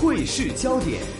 會是焦點。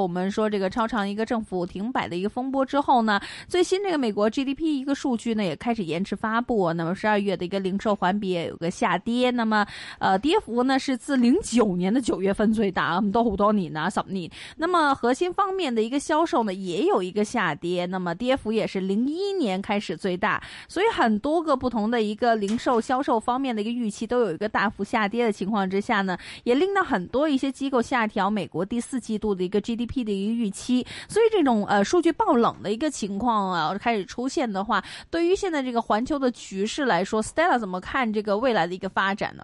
我們說這個超長一個政府停擺的一個風波之後呢，最新這個美國 GDP 一個數據呢也開始延遲發佈。那麼十二月的一個零售環比也有個下跌，那麼呃跌幅呢是自零九年的九月份最大。到你那麼核心方面的一個銷售呢也有一個下跌，那麼跌幅也是零一年開始最大。所以很多個不同的一個零售銷售方面的一個預期都有一個大幅下跌的情況之下呢，也令到很多一些機構下調美國第四季度的一個 GDP。P 的一個預期，所以這種呃數據爆冷的一個情況啊開始出現的話，對於現在這個環球的局勢來說，Stella 怎麼看這個未來的一個發展呢？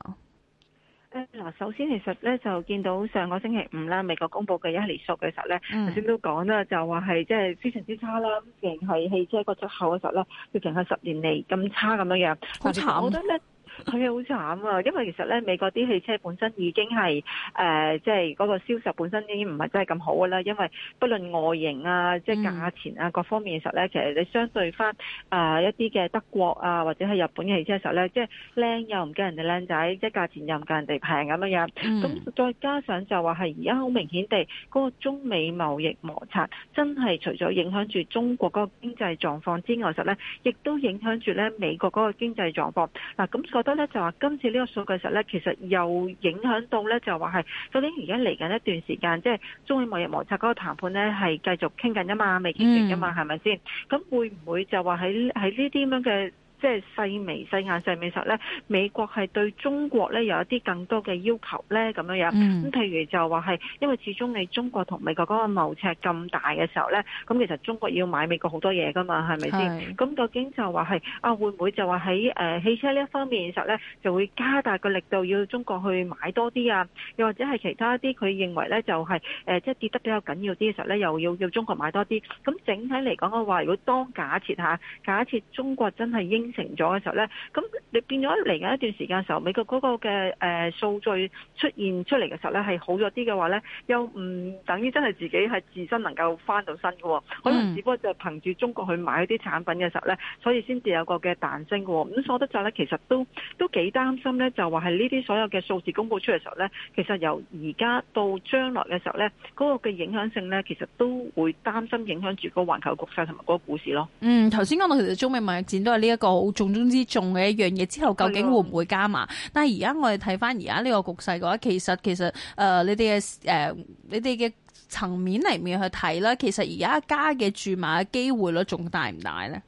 誒、嗯，嗱，首先其實咧就見到上個星期五啦，美國公布嘅一系列數據嘅時候咧，頭先、嗯、都講啦，就話係即係非常之差啦，淨係汽車個出口嘅時候咧，佢淨係十年嚟咁差咁樣樣，好慘。佢係好慘啊！因為其實咧，美國啲汽車本身已經係誒，即係嗰個銷售本身已經唔係真係咁好嘅啦。因為不論外形啊，即係價錢啊，嗯、各方面嘅時候咧，其實你相對翻啊一啲嘅德國啊，或者係日本嘅汽車嘅時候咧，即係靚又唔驚人哋靚仔，即係價錢又唔夠人哋平咁樣樣。咁、嗯、再加上就話係而家好明顯地，嗰個中美貿易摩擦真係除咗影響住中國嗰個經濟狀況之外時候呢，實咧亦都影響住咧美國嗰個經濟狀況。嗱咁個所以咧就話今次呢個數據實咧，其實又影響到咧，就話係究竟而家嚟緊一段時間，即係中美貿易摩擦嗰個談判咧，係繼續傾緊啊嘛，未傾完啊嘛，係咪先？咁會唔會就話喺喺呢啲咁樣嘅？即係細微、細眼、細面時候咧，美國係對中國咧有一啲更多嘅要求咧，咁樣樣。咁譬如就話係，因為始終你中國同美國嗰個貿赤咁大嘅時候咧，咁其實中國要買美國好多嘢噶嘛，係咪先？咁究竟就話係啊？會唔會就話喺誒汽車呢一方面嘅時候咧，就會加大個力度要中國去買多啲啊？又或者係其他啲佢認為咧就係誒即係跌得比較緊要啲嘅時候咧，又要要中國買多啲。咁整體嚟講嘅話，如果當假設吓，假設中國真係應成咗嘅時候咧，咁你變咗嚟緊一段時間嘅時候，美國嗰個嘅誒數據出現出嚟嘅時候咧，係好咗啲嘅話咧，又唔等於真係自己係自身能夠翻到身嘅，可能只不過就係憑住中國去買一啲產品嘅時候咧，所以先至有個嘅彈升嘅。咁所，得就咧其實都都幾擔心咧，就話係呢啲所有嘅數字公布出嚟嘅時候咧，其實由而家到將來嘅時候咧，嗰個嘅影響性咧，其實都會擔心影響住個環球局勢同埋嗰個股市咯。嗯，頭先講到其實中美貿易戰都係呢一個，好重中之重嘅一樣嘢，之後究竟會唔會加碼？哦、但係而家我哋睇翻而家呢個局勢嘅話，其實其實誒你哋嘅誒你哋嘅層面嚟面去睇啦，其實而家加嘅注碼嘅機會率仲大唔大咧？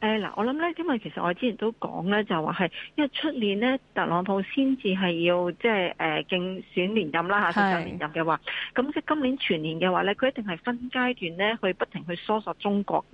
誒嗱，我諗咧，因為其實我之前都講咧，就話係因為出年咧，特朗普先至係要即係誒競選連任啦嚇，就是連任嘅話，咁即係今年全年嘅話咧，佢一定係分階段咧去不停去疏索中國，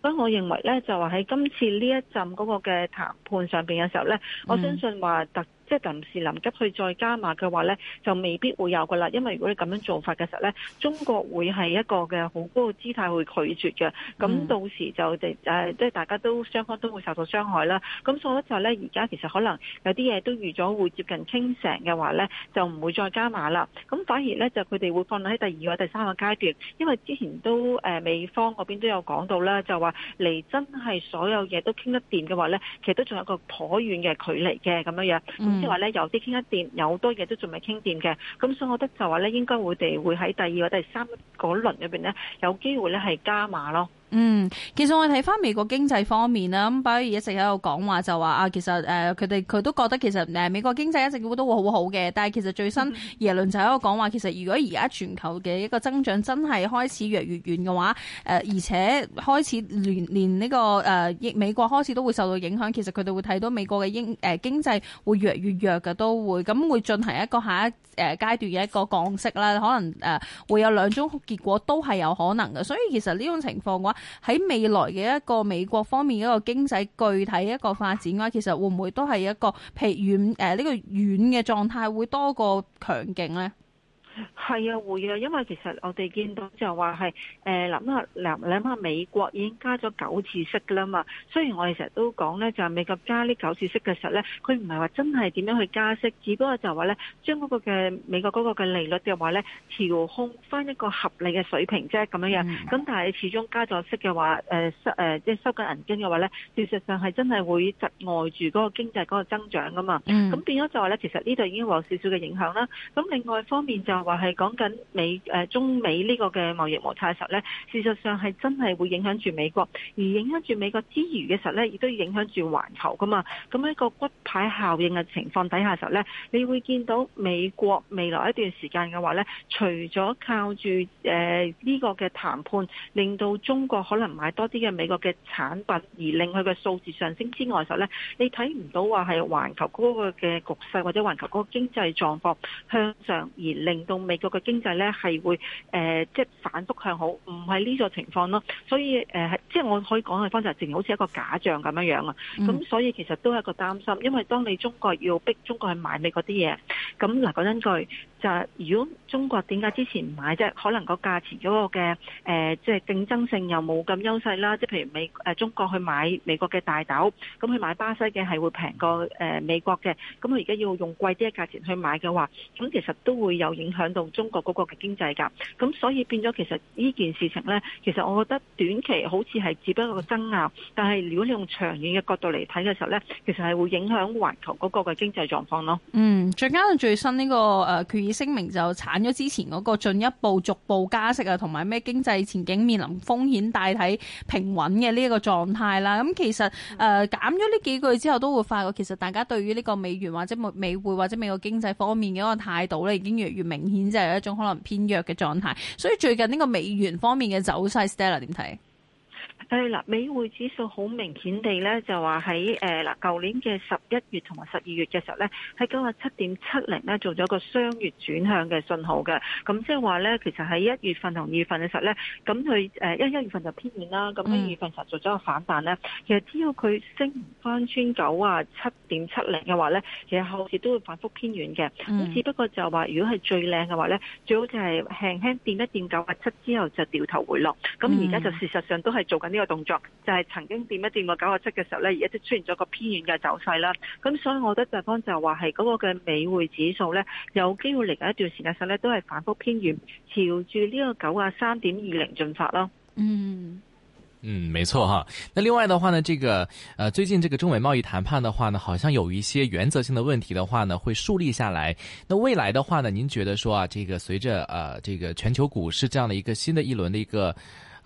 所以我認為咧就話喺今次呢一陣嗰個嘅談判上邊嘅時候咧，嗯、我相信話特。即臨時臨急去再加碼嘅話呢，就未必會有噶啦。因為如果你咁樣做法嘅時候呢，中國會係一個嘅好高嘅姿態去拒絕嘅。咁到時就即係大家都雙方都會受到傷害啦。咁所以呢，就呢而家其實可能有啲嘢都預咗會接近傾成嘅話呢，就唔會再加碼啦。咁反而呢，就佢哋會放喺第二個第三個階段，因為之前都誒美方嗰邊都有講到啦，就話嚟真係所有嘢都傾得掂嘅話呢，其實都仲有個頗遠嘅距離嘅咁樣樣。即係話咧，有啲傾一掂，有好多嘢都仲未傾掂嘅，咁所以我覺得就話咧，應該會哋會喺第二或第三嗰輪入邊咧，有機會咧係加碼咯。嗯，其實我睇翻美國經濟方面啦。咁鮑威爾一直喺度講話就話啊，其實誒佢哋佢都覺得其實美國經濟一直都會好好嘅，但係其實最新耶倫就喺度講話，其實如果而家全球嘅一個增長真係開始越嚟越遠嘅話，誒、呃、而且開始連連呢、這個誒、呃、美國開始都會受到影響，其實佢哋會睇到美國嘅英經、呃、經濟會越嚟越，越弱嘅，都會咁會進行一個下一誒階段嘅一個降息啦，可能誒、呃、會有兩種結果都係有可能嘅，所以其實呢種情況嘅話。喺未來嘅一個美國方面的一個經濟具體一個發展嘅話，其實會唔會都係一個疲軟？誒呢、呃這個軟嘅狀態會多過強勁咧？係啊，會啊，因為其實我哋見到就話係誒諗下，嗱，諗下美國已經加咗九次息噶啦嘛。雖然我哋成日都講咧，就係、是、美國加呢九次息嘅時候咧，佢唔係話真係點樣去加息，只不過就話咧將嗰個嘅美國嗰個嘅利率嘅話咧調控翻一個合理嘅水平啫咁樣樣。咁、mm. 但係始終加咗息嘅話，誒、呃、收即係收緊銀根嘅話咧，事實上係真係會窒礙住嗰個經濟嗰個增長噶嘛。咁、mm. 變咗就話咧，其實呢度已經有少少嘅影響啦。咁另外方面就。話係講緊美誒中美呢個嘅貿易摩擦嘅時候呢，事實上係真係會影響住美國，而影響住美國之餘嘅時候呢，亦都影響住環球噶嘛。咁喺個骨牌效應嘅情況底下嘅時候呢，你會見到美國未來一段時間嘅話呢，除咗靠住誒呢個嘅談判，令到中國可能買多啲嘅美國嘅產品，而令佢嘅數字上升之外，時候呢，你睇唔到話係環球嗰個嘅局勢或者環球嗰個經濟狀況向上，而令到。美國嘅經濟咧係會誒、呃，即係反覆向好，唔係呢個情況咯。所以誒、呃，即係我可以講嘅方式就淨好似一個假象咁樣樣啊。咁、嗯、所以其實都係一個擔心，因為當你中國要逼中國去買美國啲嘢，咁嗱講真句。就係如果中國點解之前唔買啫？可能個價錢嗰個嘅誒，即、呃、係、就是、競爭性又冇咁優勢啦。即係譬如美、呃、中國去買美國嘅大豆，咁去買巴西嘅係會平過、呃、美國嘅。咁佢而家要用貴啲嘅價錢去買嘅話，咁其實都會有影響到中國嗰個嘅經濟㗎。咁所以變咗其實呢件事情咧，其實我覺得短期好似係只不過個爭拗，但係如果你用長遠嘅角度嚟睇嘅時候咧，其實係會影響環球嗰個嘅經濟狀況咯。嗯，再加上最新呢、這個、呃聲明就刪咗之前嗰個進一步逐步加息啊，同埋咩經濟前景面臨風險，大體平穩嘅呢一個狀態啦。咁其實誒減咗呢幾句之後，都會發覺。其實大家對於呢個美元或者美匯或者美國經濟方面嘅一個態度咧，已經越嚟越明顯，就係一種可能偏弱嘅狀態。所以最近呢個美元方面嘅走勢，Stella 點睇？係啦，美匯指數好明顯地咧，就話喺誒嗱舊年嘅十一月同埋十二月嘅時候咧，喺九啊七點七零咧做咗個雙月轉向嘅信號嘅。咁即係話咧，其實喺一月份同二月份嘅時候咧，咁佢誒一一月份就偏軟啦，咁喺二月份實做咗個反彈咧。其實只要佢升唔返穿九啊七點七零嘅話咧，其實後市都會反覆偏軟嘅。咁、mm. 只不過就話，如果係最靚嘅話咧，最好就係輕輕掂一掂九啊七之後就掉頭回落。咁而家就事實上都係做緊呢個動作就係、是、曾經掂一掂過九啊七嘅時候呢，而家即出現咗個偏軟嘅走勢啦。咁所以我覺得對方就話係嗰個嘅美匯指數呢，有機會嚟緊一段時間，上呢都係反覆偏軟，朝住呢個九啊三點二零進發咯。嗯嗯，沒錯吓。那另外的話呢，這個，呃，最近這個中美貿易談判的話呢，好像有一些原則性的問題的話呢，會樹立下來。那未來的話呢，您覺得說啊，這個隨着呃這個全球股市這樣的一個新的一輪的一個。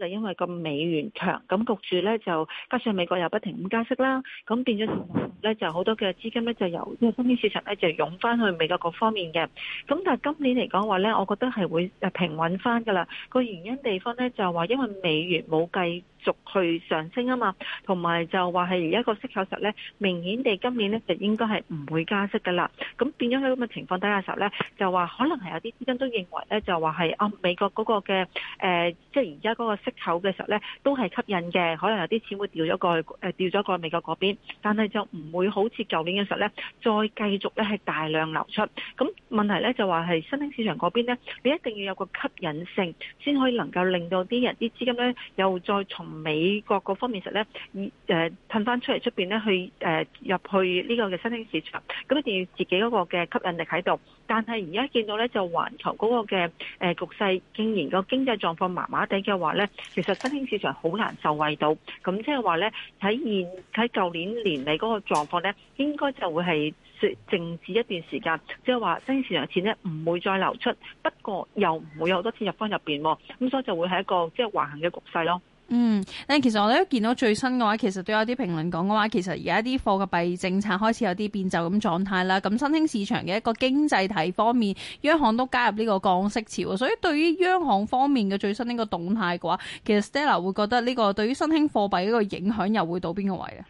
就因為個美元強，咁焗住咧，就加上美國又不停咁加息啦，咁變咗咧就好多嘅資金咧就由即係風險市場咧就湧翻去美國各方面嘅。咁但係今年嚟講話咧，我覺得係會誒平穩翻噶啦。個原因地方咧就係話因為美元冇繼續去上升啊嘛，同埋就話係而家個息口實咧，明顯地今年咧就應該係唔會加息噶啦。咁變咗喺咁嘅情況底下時候咧，就話可能係有啲資金都認為咧就話係啊美國嗰個嘅誒、呃，即係而家嗰個口嘅時候咧，都係吸引嘅，可能有啲錢會掉咗過去，誒掉咗過去美國嗰邊，但係就唔會好似舊年嘅時候咧，再繼續咧係大量流出。咁問題咧就話係新興市場嗰邊咧，你一定要有個吸引性先可以能夠令到啲人啲資金咧又再從美國嗰方面實咧，誒褪翻出嚟出邊咧去誒入去呢個嘅新興市場，咁一定要自己嗰個嘅吸引力喺度。但係而家見到咧就環球嗰個嘅誒局勢，竟然個經濟狀況麻麻地嘅話咧。其實新興市場好難受惠到，咁即係話呢喺現喺舊年年尾嗰個狀況呢，應該就會係靜止一段時間，即係話新興市場嘅錢呢唔會再流出，不過又唔會有好多錢入翻入邊，咁所以就會係一個即係橫行嘅局勢咯。嗯，但其實我哋都見到最新嘅話，其實都有啲評論講嘅話，其實而家啲貨幣政策開始有啲變奏咁狀態啦。咁新興市場嘅一個經濟體方面，央行都加入呢個降息潮，所以對於央行方面嘅最新呢個動態嘅話，其實 Stella 會覺得呢個對於新興貨幣呢個影響又會到邊個位啊？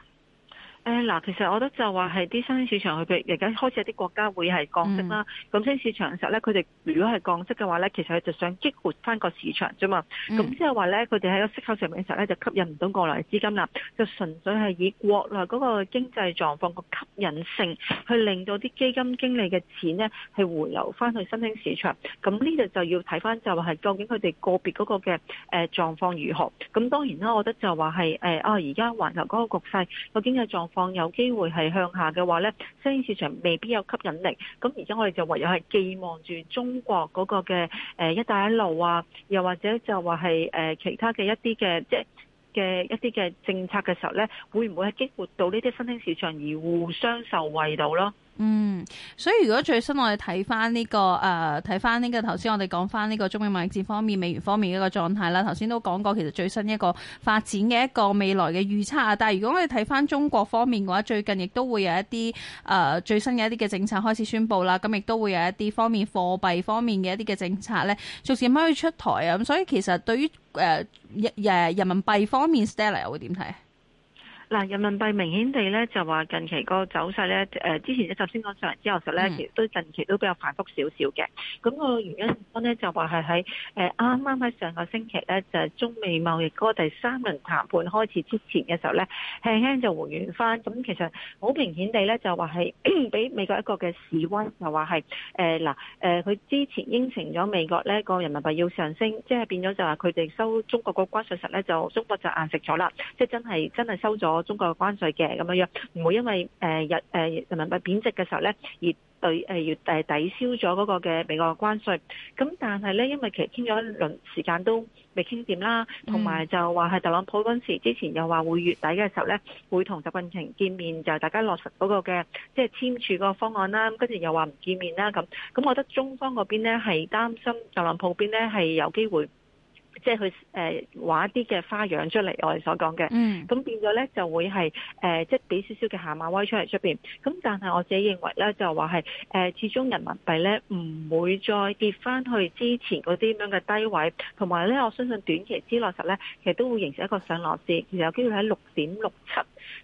誒嗱，其實我覺得就話係啲新興市場佢嘅而家開始有啲國家會係降息啦、嗯。咁新市場嘅時候咧，佢哋如果係降息嘅話咧，其實佢就想激活翻個市場啫嘛。咁即係話咧，佢哋喺個息口上面嘅時候咧，就吸引唔到外來資金啦，就純粹係以國內嗰個經濟狀況個吸引性去令到啲基金經理嘅錢咧係回流翻去新興市場。咁呢度就要睇翻就話係究竟佢哋個別嗰個嘅誒狀況如何。咁當然啦，我覺得就話係誒啊，而、哎、家環球嗰個局勢個經濟狀況。望有機會係向下嘅話呢，新興市場未必有吸引力。咁而家我哋就唯有係寄望住中國嗰個嘅誒一帶一路啊，又或者就話係誒其他嘅一啲嘅即係嘅一啲嘅政策嘅時候呢，會唔會係激活到呢啲新興市場而互相受惠到咯？嗯，所以如果最新我哋睇翻呢個，誒、呃，睇翻呢個頭先我哋講翻呢個中美貿易戰方面、美元方面一個狀態啦。頭先都講過，其實最新一個發展嘅一個未來嘅預測啊。但係如果我哋睇翻中國方面嘅話，最近亦都會有一啲誒、呃、最新嘅一啲嘅政策開始宣布啦。咁亦都會有一啲方面貨幣方面嘅一啲嘅政策咧，逐漸可以出台啊。咁所以其實對於誒、呃、人民幣方面，Stella 會點睇？嗱，人民幣明顯地咧就話近期個走勢咧，誒之前一集先講上嚟之後實咧，其實都近期都比較反覆少少嘅。咁、那個原因方咧就話係喺誒啱啱喺上個星期咧，就係中美貿易嗰第三輪談判開始之前嘅時候咧，輕輕就回原翻。咁其實好明顯地咧就話係俾美國一個嘅示威，就話係誒嗱佢之前應承咗美國呢個人民幣要上升，即、就、係、是、變咗就話佢哋收中國個關稅實咧就，就中國就硬食咗啦，即、就是、真係真係收咗。中國嘅關稅嘅咁樣樣，唔會因為誒日誒人民幣貶值嘅時候咧，而對誒要誒抵消咗嗰個嘅美國關稅。咁但係咧，因為其實傾咗一輪時間都未傾掂啦，同埋、嗯、就話係特朗普嗰陣時之前又話會月底嘅時候咧，會同習近平見面，就大家落實嗰個嘅即係簽署嗰個方案啦。咁跟住又話唔見面啦咁。咁我覺得中方嗰邊咧係擔心特朗普邊咧係有機會。即係佢誒畫一啲嘅花樣出嚟，我哋所講嘅，咁、嗯、變咗咧就會係誒即係俾少少嘅下馬威出嚟出面。咁但係我自己認為咧就話係誒，始終人民幣咧唔會再跌翻去之前嗰啲咁樣嘅低位，同埋咧我相信短期之內實咧其實都會形成一個上落市，其實有機會喺六點六七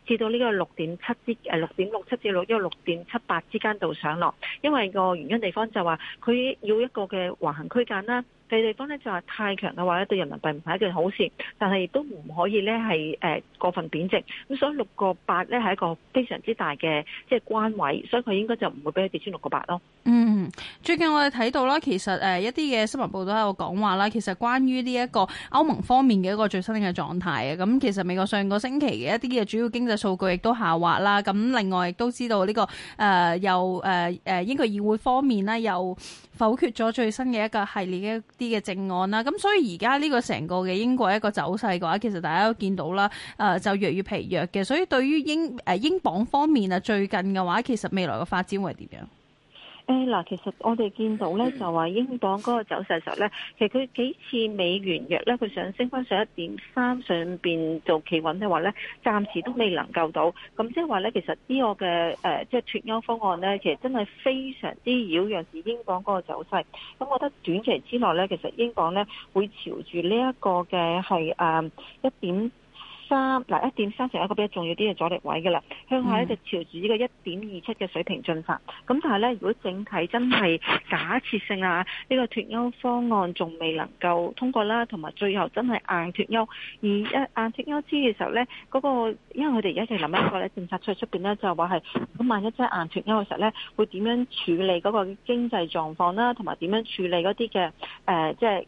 至到呢個六點七之誒六點六七至六，呢個六點七八之間度上落，因為個原因的地方就話、是、佢要一個嘅橫行區間啦。嘅地方咧就係太強嘅話咧對人民幣唔係一件好事，但係亦都唔可以咧係誒過分貶值。咁所以六個八咧係一個非常之大嘅即係關位，所以佢應該就唔會俾佢跌穿六個八咯。嗯，最近我哋睇到啦，其實誒一啲嘅新聞報道都喺度講話啦，其實關於呢一個歐盟方面嘅一個最新嘅狀態嘅。咁其實美國上個星期嘅一啲嘅主要經濟數據亦都下滑啦。咁另外亦都知道呢個誒又誒誒英國議會方面呢，又否決咗最新嘅一個系列嘅。啲嘅正案啦，咁所以而家呢個成個嘅英國一個走勢嘅話，其實大家都見到啦，誒，就越嚟越疲弱嘅，所以對於英誒英鎊方面啊，最近嘅話，其實未來嘅發展會係點樣？誒，嗱，其實我哋見到咧就話英鎊嗰個走勢時候咧，其實佢幾次美元弱咧，佢想升翻上一點三上邊做企穩嘅話咧，暫時都未能夠到。咁即係話咧，其實呢個嘅誒，即係脫歐方案咧，其實真係非常之擾攘住英鎊嗰個走勢。咁我覺得短期之內咧，其實英鎊咧會朝住呢一個嘅係誒一點。三嗱，一點三成一個比較重要啲嘅阻力位嘅啦，向下一直朝住呢個一點二七嘅水平進發。咁但係咧，如果整體真係假設性啊，呢個脱歐方案仲未能夠通過啦，同埋最後真係硬脱歐，而一硬脱歐之嘅時候咧，嗰個因為我哋而家諗一個咧，政策出出邊咧就係話係，咁萬一真係硬脱歐嘅時候咧，會點樣處理嗰個經濟狀況啦，同埋點樣處理嗰啲嘅誒，即係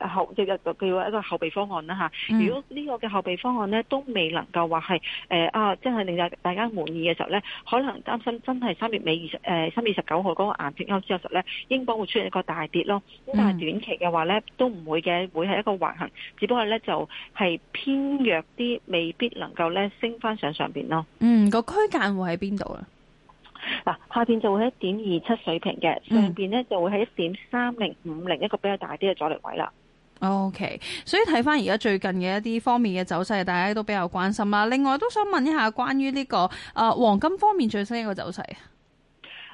誒後即叫做一個後備方案啦嚇。如果呢個嘅後備方案咧。都未能夠話係誒啊，真係令到大家滿意嘅時候呢，可能擔心真係三月尾二十誒三月二十九號嗰個硬脫歐之後的時候呢，英鎊會出現一個大跌咯。咁但係短期嘅話呢，都唔會嘅，會係一個橫行，只不過呢就係、是、偏弱啲，未必能夠呢升翻上上邊咯。嗯，個區間會喺邊度啊？嗱，下邊就會喺一點二七水平嘅，上邊呢、嗯、就會喺一點三零五零一個比較大啲嘅阻力位啦。O、okay, K，所以睇翻而家最近嘅一啲方面嘅走勢，大家都比較關心啦。另外都想問一下關於呢、呢個、呃、黃金方面最新一個走勢。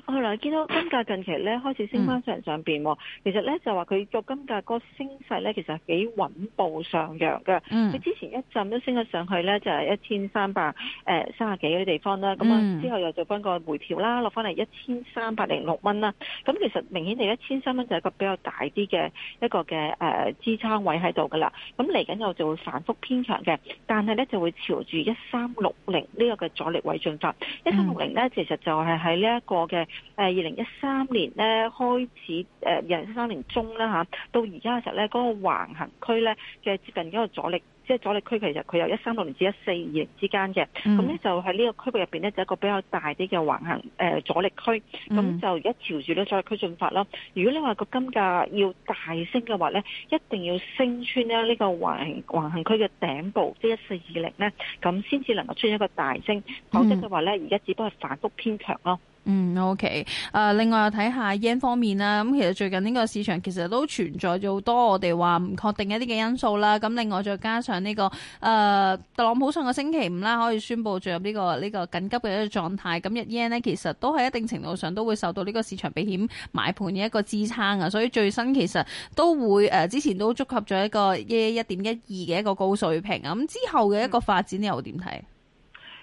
我係啦，見 到金價近期咧開始升翻上上邊，其實咧就話佢個金價個升勢咧其實幾穩步上揚嘅。佢之前一浸都升咗上去咧，就係一千三百誒三十幾嗰啲地方啦。咁啊之後又做翻個回調啦，落翻嚟一千三百零六蚊啦。咁其實明顯地 1, 一千三蚊就係一個比較大啲嘅一個嘅誒支撐位喺度噶啦。咁嚟緊又就會反覆偏強嘅，但係咧就會朝住一三六零呢個嘅阻力位進發。一三六零咧其實就係喺呢一個嘅。誒二零一三年咧開始，誒二零一三年中啦嚇，到而家嘅時候咧，嗰、那個橫行區咧嘅接近一個阻力，即、就、係、是、阻力區，其實佢由一三六零至一四二零之間嘅。咁咧、嗯、就喺呢個區域入邊咧，就一個比較大啲嘅橫行誒、呃、阻力區。咁、嗯、就而家朝住咧阻力區進發咯。如果你話個金價要大升嘅話咧，一定要升穿咧呢個橫行，橫行區嘅頂部，即係一四二零咧，咁先至能夠出現一個大升。否則嘅話咧，而家只不過係反覆偏強咯。嗯，OK。誒、呃，另外又睇下 yen 方面啦。咁其實最近呢個市場其實都存在咗好多我哋話唔確定一啲嘅因素啦。咁另外再加上呢、這個誒、呃、特朗普上個星期五啦，可以宣布進入呢、這個呢、這個緊急嘅一個狀態。咁日 yen 咧其實都係一定程度上都會受到呢個市場避險買盤嘅一個支撐啊。所以最新其實都會誒、呃，之前都觸及咗一個一一點一二嘅一個高水平啊。咁之後嘅一個發展你又點睇？嗯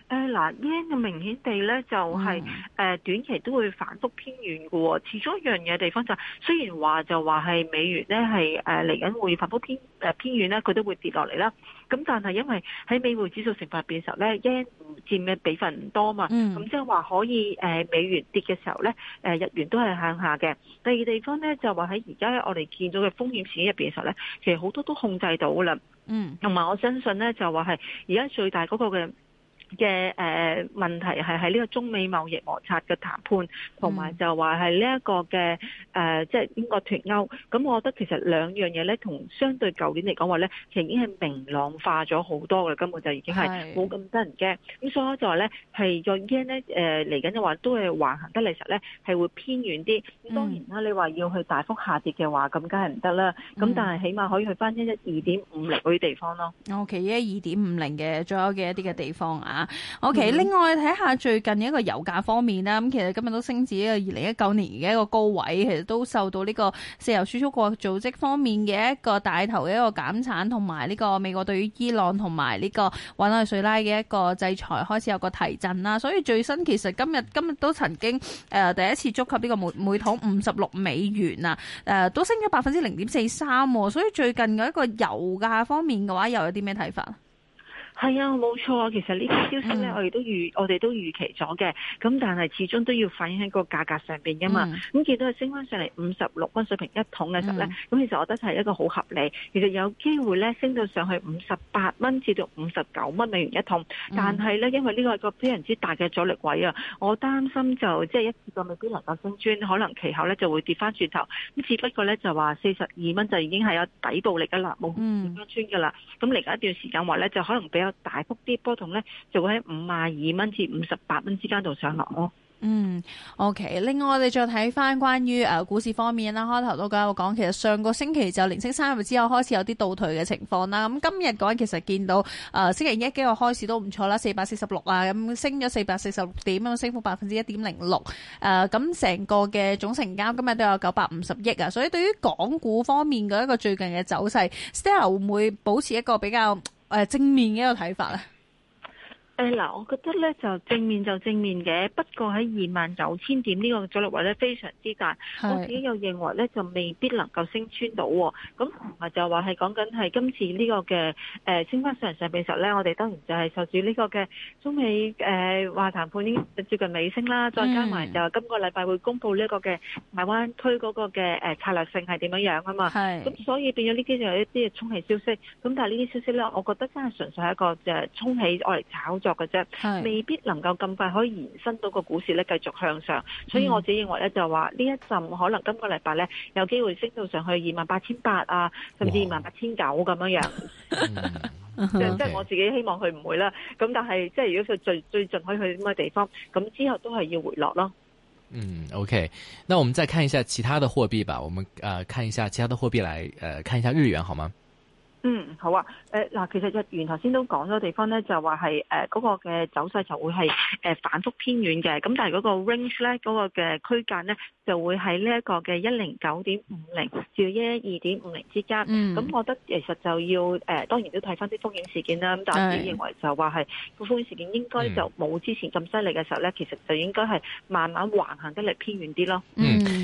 誒嗱 yen 咁明顯地咧就係誒短期都會反覆偏遠嘅喎、哦。其中一樣嘢地方就係、是、雖然話就話係美元咧係誒嚟緊會反覆偏誒偏遠咧，佢都會跌落嚟啦。咁但係因為喺美匯指數成分入邊嘅時候咧 yen 唔佔嘅比分唔多啊嘛。咁即係話可以誒美元跌嘅時候咧，誒日元都係向下嘅。第二地方咧就話喺而家我哋見到嘅風險市入邊嘅時候咧，其實好多都控制到啦。嗯，同埋我相信咧就話係而家最大嗰個嘅。嘅誒、呃、問題係喺呢個中美貿易摩擦嘅談判，同埋就話係呢一個嘅誒，即係、嗯呃就是、英國脱歐。咁我覺得其實兩樣嘢咧，同相對舊年嚟講話咧，其實已經係明朗化咗好多噶啦。根本就已經係冇咁得人驚。咁是所以就話咧，係若驚咧誒嚟緊嘅話，都係橫行得嚟實咧，係會偏遠啲。咁當然啦，嗯、你話要去大幅下跌嘅話，咁梗係唔得啦。咁、嗯、但係起碼可以去返一一二點五零嗰啲地方咯。OK，的一二點五零嘅，左右嘅一啲嘅地方啊。O.K.，另外睇下最近一個油價方面啦，咁其實今日都升至二零一九年嘅一個高位，其實都受到呢個石油輸出國組織方面嘅一個帶頭嘅一個減產，同埋呢個美國對於伊朗同埋呢個委內瑞拉嘅一個制裁開始有個提振啦。所以最新其實今日今日都曾經誒第一次觸及呢個每每桶五十六美元啊，誒都升咗百分之零點四三，所以最近嘅一個油價方面嘅話，又有啲咩睇法？係啊，冇錯啊！其實呢啲消息咧，我哋都預，嗯、我哋都預期咗嘅。咁但係始終都要反映喺個價格上面噶嘛。咁、嗯、見到佢升翻上嚟五十六蚊水平一桶嘅時候咧，咁、嗯、其實我覺得係一個好合理。其實有機會咧升到上去五十八蚊至到五十九蚊美元一桶。嗯、但係咧，因為呢個係個非常之大嘅阻力位啊，我擔心就即係、就係、一次過未必能夠升穿，可能其後咧就會跌翻轉頭。咁只不過咧就話四十二蚊就已經係有底部力㗎啦，冇跌翻穿㗎啦。咁嚟緊一段時間話咧，就可能俾有大幅啲波動咧，就會喺五十二蚊至五十八蚊之間度上落咯、哦。嗯，OK。另外我哋再睇翻關於誒股市方面啦，開頭都講我講，其實上個星期就連升三日之後開始有啲倒退嘅情況啦。咁今日講其實見到誒、啊、星期一今日開始都唔錯啦，四百四十六啊，咁升咗四百四十六點，咁升幅百分之一點零六。誒咁成個嘅總成交今日都有九百五十億啊。所以對於港股方面嘅一個最近嘅走勢，Stella 會唔會保持一個比較？誒正面嘅一個睇法啦。係啦，我覺得咧就正面就正面嘅，不過喺二萬九千點呢個阻力位咧非常之大，我自己又認為咧就未必能夠升穿到喎。咁同埋就話係講緊係今次呢個嘅誒升翻上上半日咧，我哋當然就係受住呢個嘅中美誒話談判已經接近尾聲啦，再加埋就係今個禮拜會公布呢個嘅大灣區嗰個嘅誒策略性係點樣樣啊嘛。咁所以變咗呢啲就有一啲嘅沖喜消息，咁但係呢啲消息咧，我覺得真係純粹係一個就係沖喜愛嚟炒作。啫，嗯、未必能夠咁快可以延伸到個股市咧繼續向上，所以我自己認為咧就話呢一陣可能今個禮拜咧有機會升到上去二萬八千八啊，甚至二萬八千九咁樣樣，即係我自己希望佢唔會啦。咁但係即係如果佢最最盡可以去咩地方，咁之後都係要回落咯。嗯，OK，那我們再看一下其他的貨幣吧。我們啊，看一下其他的貨幣來，呃，看一下日元好嗎？嗯，好啊。嗱、呃，其實日元頭先都講咗地方咧，就話係誒嗰個嘅走勢就會係、呃、反覆偏遠嘅。咁但係嗰個 range 咧，嗰、那個嗰個嘅區間咧就會喺呢一個嘅一零九點五零至到一一二點五零之間。咁、嗯、我覺得其實就要誒、呃，當然都睇翻啲風險事件啦。咁對但係自己認為就話係個風險事件應該就冇之前咁犀利嘅時候咧，嗯、其實就應該係慢慢橫行得嚟偏遠啲咯。嗯。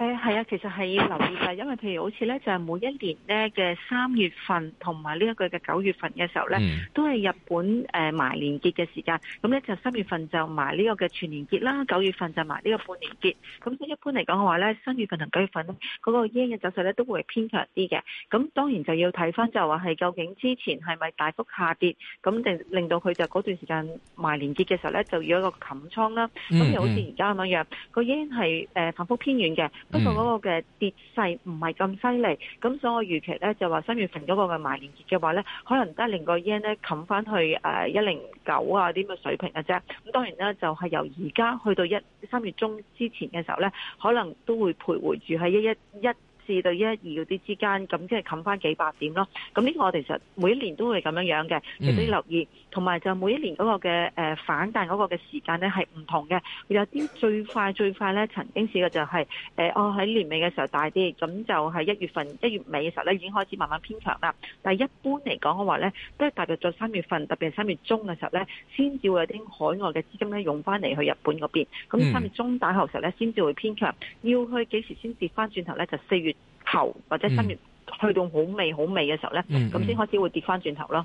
誒係、哎、啊，其實係要留意嘅，因為譬如好似咧，就係每一年咧嘅三月份同埋呢一個嘅九月份嘅時候咧，都係日本誒埋年結嘅時間。咁咧就三月份就埋呢個嘅全年結啦，九月份就埋呢個半年結。咁一般嚟講嘅話咧，三月份同九月份咧，嗰、那個 yen 嘅走勢咧都會偏強啲嘅。咁當然就要睇返就話係究竟之前係咪大幅下跌，咁定令到佢就嗰段時間埋年結嘅時候咧，就要一個冚倉啦。咁又好似而家咁樣樣，那個 yen 係誒反覆偏軟嘅。不過嗰個嘅跌勢唔係咁犀利，咁所以我預期咧就話三月份嗰個嘅賣連結嘅話咧，可能得另個 yen 咧冚翻去誒一零九啊啲咁嘅水平嘅啫。咁當然咧就係由而家去到一三月中之前嘅時候咧，可能都會徘徊住喺一一一， 至到一二嗰啲之間，咁即係冚翻幾百點咯。咁呢個我哋其實每一年都會咁樣樣嘅，要啲留意。同埋、mm. 就每一年嗰個嘅誒、呃、反彈嗰個嘅時間咧係唔同嘅。有啲最快最快咧曾經試過就係、是、誒，我、呃、喺、哦、年尾嘅時候大啲，咁就係一月份一月尾嘅時候咧已經開始慢慢偏強啦。但係一般嚟講嘅話咧，都係大約在三月份，特別係三月中嘅時候咧，先至會有啲海外嘅資金咧用翻嚟去日本嗰邊。咁三月中打後嘅時候咧，先至會偏強。Mm. 要去幾時先跌翻轉頭咧？就四月。頭或者三月去到好尾好尾嘅時候咧，咁先、嗯嗯、開始會跌翻轉頭咯。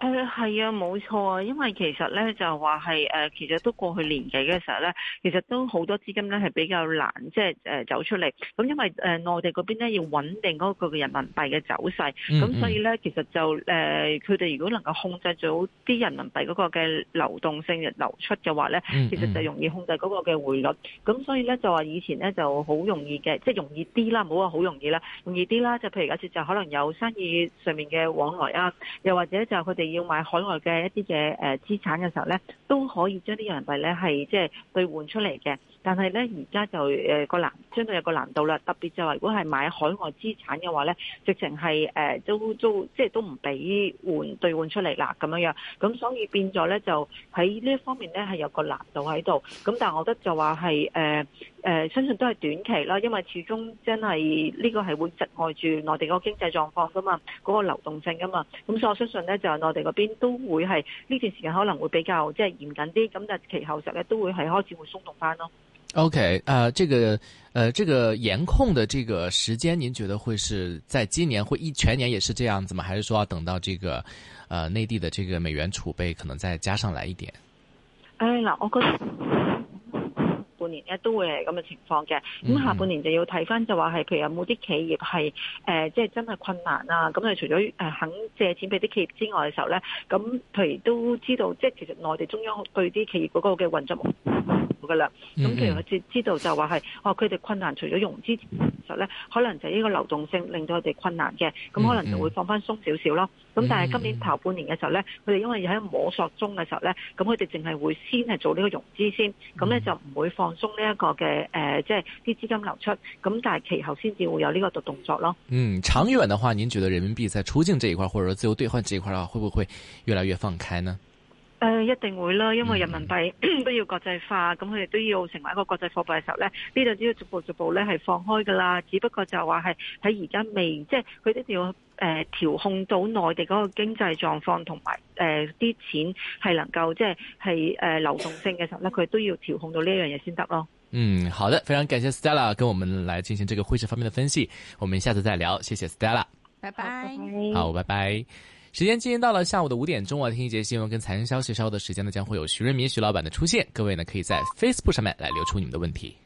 誒係、嗯、啊，冇錯啊，因為其實咧就話係誒，其實都過去年幾嘅時候咧，其實都好多資金咧係比較難即係、就是呃、走出嚟。咁因為誒內、呃、地嗰邊咧要穩定嗰個嘅人民幣嘅走勢，咁所以咧其實就誒佢哋如果能夠控制咗啲人民幣嗰個嘅流動性嘅流出嘅話咧，其實就容易控制嗰個嘅匯率。咁所以咧就話以前咧就好容易嘅，即係容易啲啦，唔好話好容易啦，容易啲啦。就譬如假設就可能有生意上面嘅往來啊，又或者就係佢哋。要買海外嘅一啲嘅誒資產嘅時候咧，都可以將啲人民幣咧係即係兌換出嚟嘅。但係咧，而家就誒個難，相對有個難度啦。特別就係如果係買海外資產嘅話咧，直情係誒都都都即係都唔俾換兌換出嚟啦咁樣樣。咁所以變咗咧，就喺呢一方面咧係有個難度喺度。咁但係我覺得就話係誒誒，相信都係短期啦，因為始終真係呢個係會窒礙住內地嗰個經濟狀況噶嘛，嗰個流動性噶嘛。咁所以我相信咧，就係內地嗰邊都會係呢段時間可能會比較即係嚴謹啲。咁日其後實咧都會係開始會鬆動翻咯。OK，呃，這個，呃，這個嚴控的這個時間，您覺得會是在今年會一全年也是這樣子嗎？還是說要等到這個，呃，內地的這個美元儲備可能再加上來一點？哎、嗯，那、嗯、我半年咧都會係咁嘅情況嘅，咁下半年就要睇翻就話係，譬如有冇啲企業係誒，即、呃、係、就是、真係困難啊！咁、嗯、誒，除咗誒肯借錢俾啲企業之外嘅時候咧，咁譬如都知道，即係其實內地中央對啲企業嗰個嘅運作㗎啦。咁譬如我知知道就話、是、係，哦，佢哋困難，除咗融資嘅時候咧，可能就係呢個流動性令到佢哋困難嘅，咁可能就會放翻鬆少少咯。咁但係今年頭半年嘅時候咧，佢哋因為喺摸索中嘅時候咧，咁佢哋淨係會先係做呢個融資先，咁咧、嗯、就唔會放、嗯。放鬆呢一個嘅誒，即係啲資金流出，咁但係其後先至會有呢個動動作咯。嗯，長遠嘅話，您覺得人民幣在出境這一塊，或者自由兌換這一塊嘅話，會不會越來越放開呢？誒、嗯呃，一定會啦，因為人民幣都要國際化，咁佢哋都要成為一個國際貨幣嘅時候咧，呢度都要逐步逐步咧係放開噶啦。只不過就話係喺而家未，即係佢一定要。誒，調、呃、控到內地嗰個經濟狀況同埋誒啲錢係能夠即係誒、呃、流動性嘅時候呢佢都要調控到呢樣嘢先得咯。嗯，好的，非常感謝 Stella 跟我們來進行這個匯市方面的分析，我們下次再聊，謝謝 Stella，拜拜。好，拜拜好，拜拜。時間進行到了下午的五點鐘啊，聽一節新聞跟財經消息，稍後的時間呢，將會有徐瑞明徐老闆的出現，各位呢可以在 Facebook 上面來留出你們的問題。